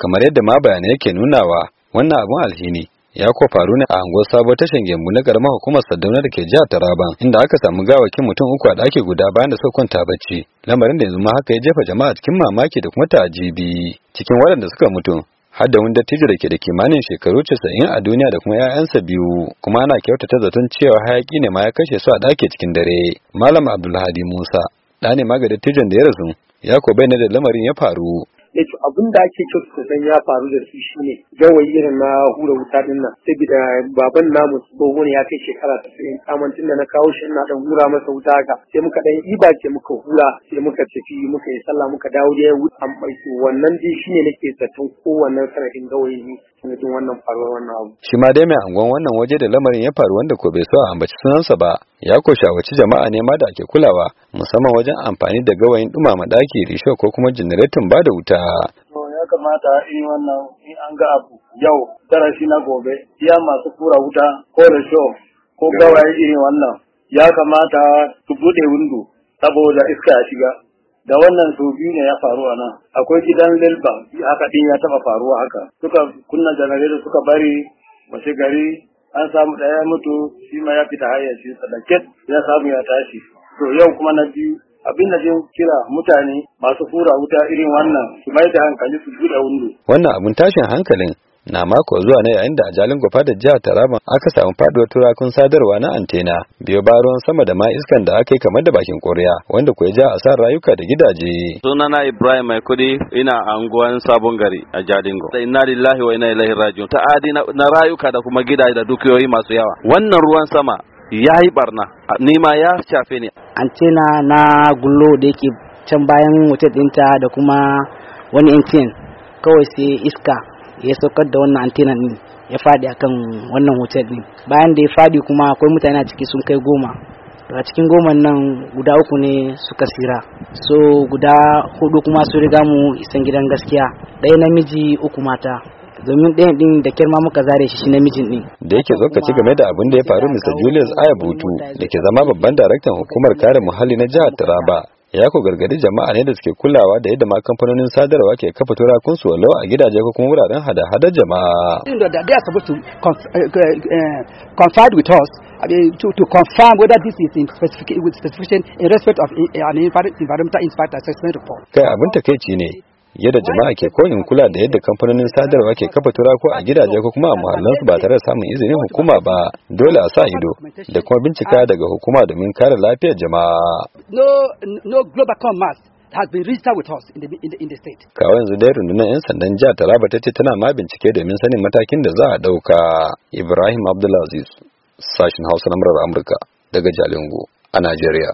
kamar yadda ma bayanai yake nunawa wannan abun alhini ya ko faru ne a anguwar sabo Tashar gembu na karamar hukumar Sardauna da ke jihar Taraban inda aka samu gawakin mutum uku a ɗaki guda bayan da suka kwanta bacci lamarin da yanzu ma haka ya jefa jama'a cikin mamaki da kuma tajibi cikin waɗanda suka mutu har da wani dattijo da ke da kimanin shekaru casa'in a duniya da kuma 'ya'yansa biyu kuma ana kyautata zaton cewa hayaki ne ma ya kashe su a ɗaki cikin dare malam abdulhadi musa ɗa ne ma ga dattijon da ya rasu ya ko bayyana da lamarin ya faru ya ce abin da ake kyautu san ya faru da su shine gawayi irin na hura wuta din nan saboda baban namu tsoho ne ya kai shekara ta kaman tun da na kawo shi ina dan hura masa wuta haka sai muka dan iba ce muka hura sai muka tafi muka yi sallah muka dawo da ya an ɓarke wannan dai shine nake zaton kowannen sanadin gawayi ne sanadin wannan faruwar wannan abu. shi ma dai mai angon wannan waje da lamarin ya faru wanda ko bai so a ambaci sunansa ba ya ko shawarci jama'a ne ma da ake kulawa musamman wajen amfani da gawayin dumama daki risho ko kuma janaretin ba da wuta ya kamata in wannan in an ga abu yau darasi na gobe iya masu kura wuta ko risho ko gawayi irin wannan ya kamata su bude windo saboda iska ya shiga da wannan sau biyu ne ya faru a nan akwai gidan lilba haka din ya taba faruwa haka suka kunna janareto suka bari mace gari an samu ɗaya ya mutu shi ma ya fita hayyacin sadaket ya samu ya tashi to yau kuma na biyu abin da zai kira mutane masu fura wuta irin wannan su mai da hankali su buɗe wundo wannan abin tashin hankalin na mako zuwa na yayin da a jalin gofa da jihar taraba aka samu faduwar turakun sadarwa na antena biyo ba ruwan sama da ma da aka yi kamar da bakin koriya wanda kuwa ja a sa rayuka da gidaje sunana ibrahim mai kudi ina unguwar sabon gari a jalingo inna lillahi wa inna ilaihi rajiun adi na rayuka da kuma gidaje da dukiyoyi masu yawa wannan ruwan sama ya yi barna nima ya shafe ni antena na gullo da yake can bayan wutar dinta da kuma wani intin kawai sai iska ya saukar da wannan antena din ya fadi akan wannan hotel din bayan da ya fadi kuma akwai mutane a ciki sun kai goma a cikin goma nan guda uku ne suka sira so guda hudu kuma su riga mu isan gidan gaskiya ɗaya namiji uku mata domin ɗayan din da kirma muka zare shi shi namijin ɗin. Da yake tsokaci game da abin da ya faru Mr. Julius Ayabutu da ke zama babban daraktan hukumar kare muhalli na jihar Taraba ya ku gargadi jama'a ne da suke kulawa da yadda ma kamfanonin sadarwa ke kafa turakun su walau a gidaje ko kuma wuraren hada hada jama'a. They are supposed to eh, eh, eh, confide with us to, to confirm whether this is in specific, with specification in respect of an environmental impact assessment report. Kai abin takaici ne yadda jama'a ke koyin kula da yadda kamfanonin sadarwa ke kafa turako a gidaje ko kuma a muhallansu ba tare da samun izinin hukuma ba dole a sa ido da kuma bincika daga hukuma domin kare lafiyar jama'a no no global has been registered with us in Kawo yanzu dai rundunar 'yan sandan jihar Taraba ta ce tana ma bincike domin sanin matakin da za a ɗauka. Ibrahim Abdulaziz, sashen Hausa na Amurka daga Jalingo a Najeriya.